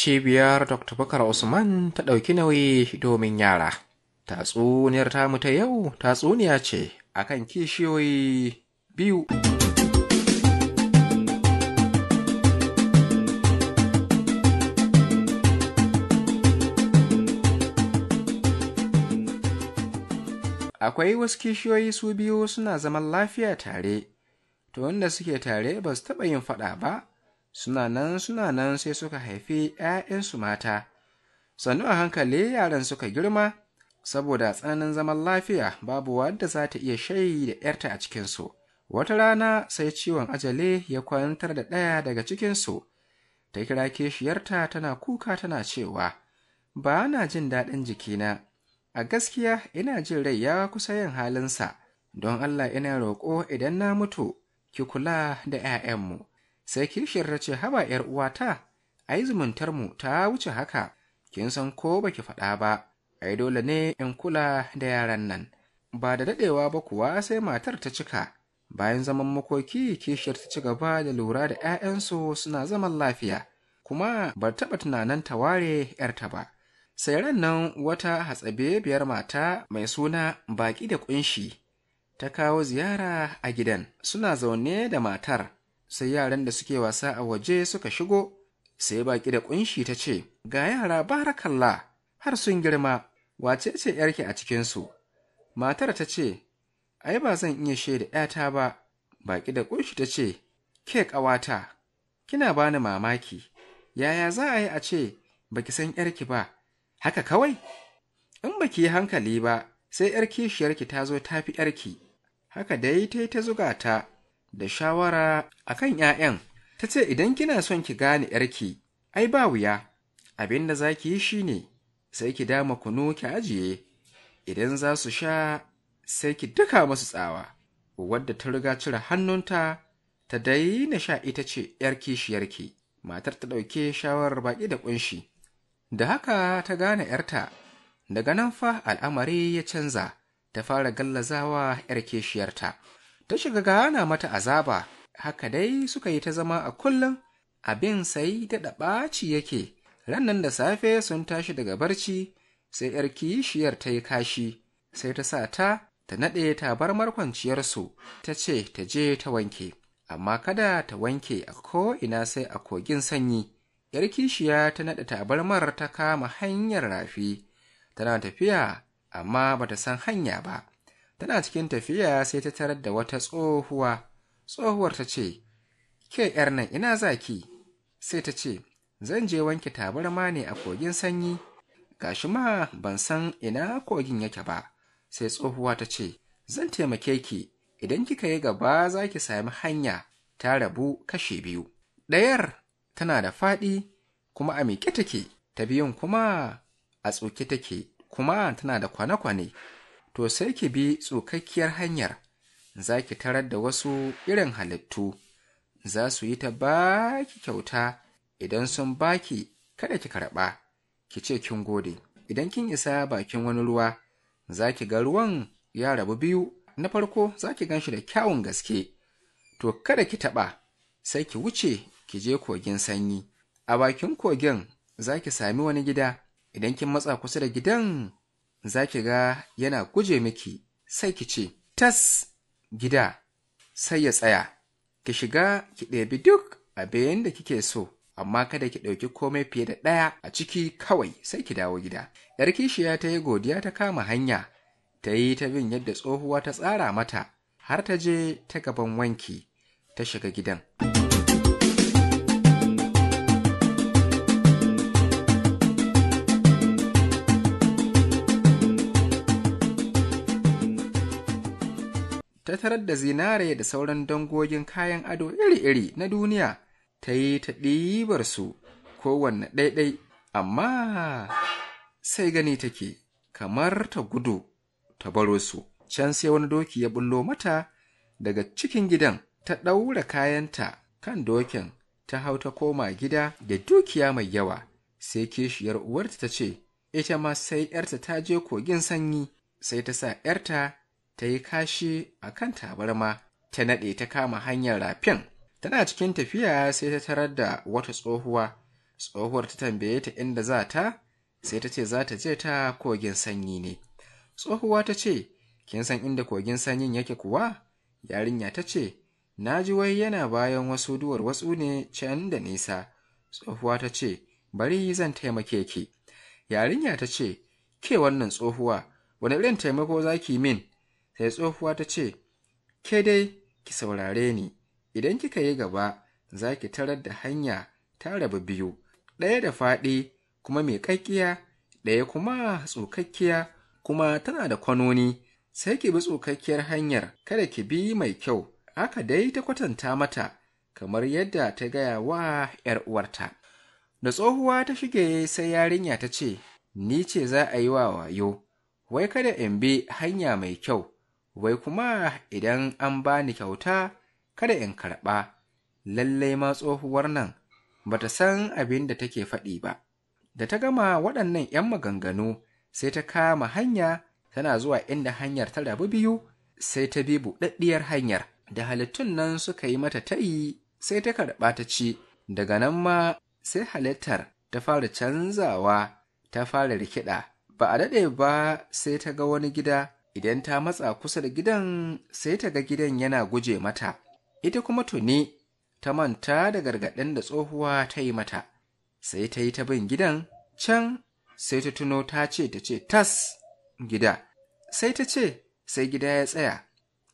cibiyar dr bakar usman ta ɗauki nauyi domin yara tatsuniyar tamu ta yau tatsuniya ce a kan kishiyoyi biyu akwai wasu kishiyoyi su biyu suna zaman lafiya tare to wanda suke tare ba su taɓa yin faɗa ba suna nan suna nan sai suka haifi ‘ya'yansu mata sannu a hankali yaran suka girma saboda tsananin zaman lafiya babu wadda za ta iya shayi da ‘yarta a cikinsu wata rana sai ciwon ajali ya kwantar da ɗaya daga cikinsu ta kira kishiyarta tana kuka tana cewa ba na jin daɗin jikina a gaskiya ina jin rai ya kusa yin halinsa don Allah ina roƙo idan na mutu ki kula da ‘ya'yanmu sai kishiyar ta ce haba ‘yar uwata, ai zumuntarmu ta wuce haka, kin san ko baki faɗa ba, ai dole ne in kula da yaran nan. Ba da daɗewa ba kuwa sai matar ta cika, bayan zaman makoki kishiyar ta ci gaba da lura da ‘ya'yansu suna zaman lafiya, kuma ba taɓa tunanin ta ware ‘yarta ba. Sai ran nan wata hatsabe biyar mata mai suna baƙi da ƙunshi ta kawo ziyara a gidan, suna zaune da matar. sai yaran da suke wasa a waje suka shigo sai baki da kunshi ta ce ga yara barakalla har sun girma wace ce yarki a cikinsu matar ta ce ai ba zan iya shaida ‘yata ba baki da kunshi ta ce ke ƙawata kina bani mamaki yaya za a yi a ce baki san ‘yarki ba haka kawai in baki yi hankali ba sai ‘yar kishiyarki ta zo ta ‘yarki haka dai ta yi ta zuga ta da shawara a kan 'ya'yan ta ce idan kina son ki gane 'yarki ai ba wuya abin da za ki yi shi ne sai ki dama kunu ki ajiye idan za su sha sai ki duka masu tsawa wadda ta riga cire hannunta ta daina sha ita ce 'yar kishiyarki matar ta ɗauke shawarar baƙi da ƙunshi da haka ta gane 'yarta daga nan fa al'amari ya canza ta fara gallazawa 'yar kishiyarta ta shiga gana mata azaba haka dai suka yi ta zama a kullum abin sai daɗa ɓaci yake rannan da safe sun tashi daga barci sai ‘yar kishiyar ta yi kashi sai ta sa ta ta naɗe tabarmar kwanciyarsu ta ce ta je ta wanke amma kada ta wanke a ko'ina sai a kogin sanyi ‘yar kishiya ta naɗe tabarmar ta kama hanyar rafi tana tafiya amma ba ta san hanya ba tana cikin tafiya sai ta tarar da wata tsohuwa tsohuwar ta ce ke yar nan ina zaki sai ta ce zan je wanke tabarma ne a kogin sanyi "Ga shi ma ban san ina kogin yake ba sai tsohuwa ta ce zan taimake ki idan kika yi gaba za ki sami hanya ta rabu kashe biyu ɗayar tana da faɗi kuma a miƙe take ta biyun kuma a tsoke take kuma tana da kwane-kwane to sai ki bi tsukakkiyar hanyar za ki tarar da wasu irin halittu za su yi ta ba ki kyauta idan sun ba ki kada ki karɓa ki ce kin gode idan kin isa bakin wani ruwa za ki ga ruwan ya rabu biyu na farko za ki gan shi da kyawun gaske to kada ki taɓa sai ki wuce ki je kogin sanyi a bakin kogin za ki sami wani gida idan kin matsa kusa da gidan za ki ga yana guje miki sai ki ce tas gida sai ya tsaya ki shiga ki ɗebi duk a abin da kike so amma kada ki ɗauki komai fiye da ɗaya a ciki kawai sai ki dawo gida yar kishiya ta yi godiya ta kama hanya ta yi ta bin yadda tsohuwa ta tsara mata har ta je ta gaban wanki ta shiga gidan. ta tarar da zinare da sauran dangogin kayan ado iri-iri na duniya ta yi ta ɗibar su kowanne ɗaiɗai amma sai gani take kamar ta gudu ta baro su can sai wani doki ya bullo mata daga cikin gidan ta ɗaura kayanta kan dokin ta hau ta koma gida da dukiya mai yawa sai kishiyar uwarta ta ce ita ma sai ‘yarta ta je kogin sanyi sai ta sa ‘yarta ta yi kashi a kan tabarma ta naɗe ta kama hanyar rafin tana cikin tafiya sai ta tarar da wata tsohuwa tsohuwar ta tambaye ta inda za ta sai ta ce za ta je ta kogin sanyi ne tsohuwa ta ce kin san inda kogin sanyin yake kuwa yarinya ta ce na ji wai yana bayan wasu duwar wasu ne can da nisa tsohuwa ta ce bari zan taimake ki yarinya ta ce ke wannan tsohuwa wani irin taimako za ki min sai tsohuwa ta ce ke dai ki saurare ni idan kika yi gaba za ki tarar da hanya ta rabu biyu ɗaya da faɗi kuma mai ƙaƙƙiya ɗaya kuma tsokakkiya kuma tana da kwanoni sai ki bi tsokakkiyar hanyar kada ki bi mai kyau aka dai ta kwatanta mata kamar yadda ta gaya wa 'yar uwarta da tsohuwa ta shige sai yarinya ta ce ni ce za a yi wa wayo wai kada in bi hanya mai kyau wai kuma idan an bani kyauta kada in karɓa lallai ma tsohuwar nan ba ta san abin da take faɗi ba da ta gama waɗannan 'yan maganganu sai ta kama hanya tana zuwa inda hanyar ta rabu biyu sai ta bi buɗaɗɗiyar hanyar da halittun nan suka yi mata ta'i sai ta karɓa ta ci daga nan ma sai halittar ta fara canzawa ta fara rikida ba a daɗe ba sai ta ga wani gida idan ta matsa kusa da gidan sai ta ga gidan yana guje mata ita kuma tuni ta manta da gargaɗin da tsohuwa ta yi mata sai ta yi ta bin gidan can sai ta tuno ta ce ta ce tas gida sai ta ce sai gida ya tsaya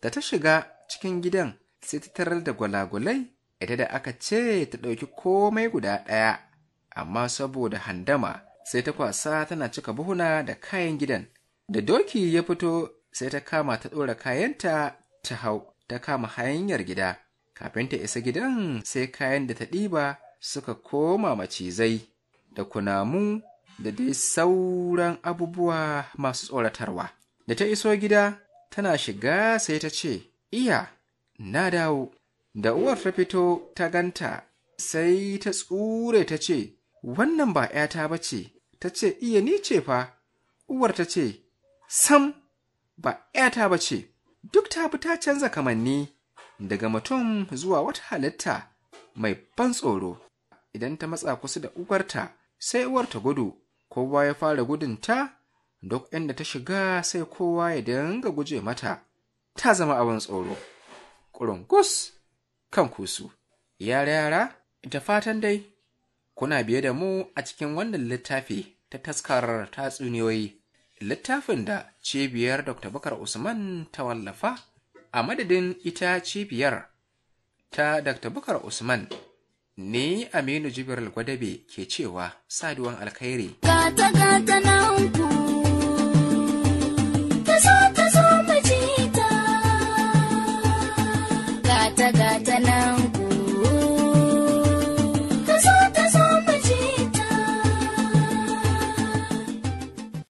da ta shiga cikin gidan sai ta tarar da gwalagwalai ita da aka ce ta ɗauki komai guda ɗaya amma saboda handama sai ta kwasa tana cika buhuna da kayan gidan Da doki ya fito sai ta kama ta ɗora kayanta ta hau, ta kama hanyar gida. Kafin ta isa gidan sai kayan da ta ɗiba suka koma macizai da kunamu da dai sauran abubuwa masu tsoratarwa. Da ta iso gida tana shiga sai ta ce, Iya, na dawo. Da uwar ta fito ta ganta sai ta tsure ta ce, Wannan ba ‘yata ba ce, ta ce, Iya ni ce fa, uwar ta ce, sam ba ‘yata ba ce, duk ta fi ta canza kamanni daga mutum zuwa wata halitta mai ban tsoro. Idan ta matsa kusa da uwarta, sai uwar ta gudu, kowa ya fara ta, duk inda ta shiga sai kowa ya danga guje mata, ta zama abin tsoro. ƙurungus kan kusu, yara-yara, ita fatan dai, kuna biye da mu a cikin wannan littafi ta taskarar tatsuniyoyi. littafin da cibiyar dr bakar usman ta wallafa a madadin ita cibiyar ta dr bakar usman ne aminu jibril gwadabe ke cewa saduwan alkhairi gata gata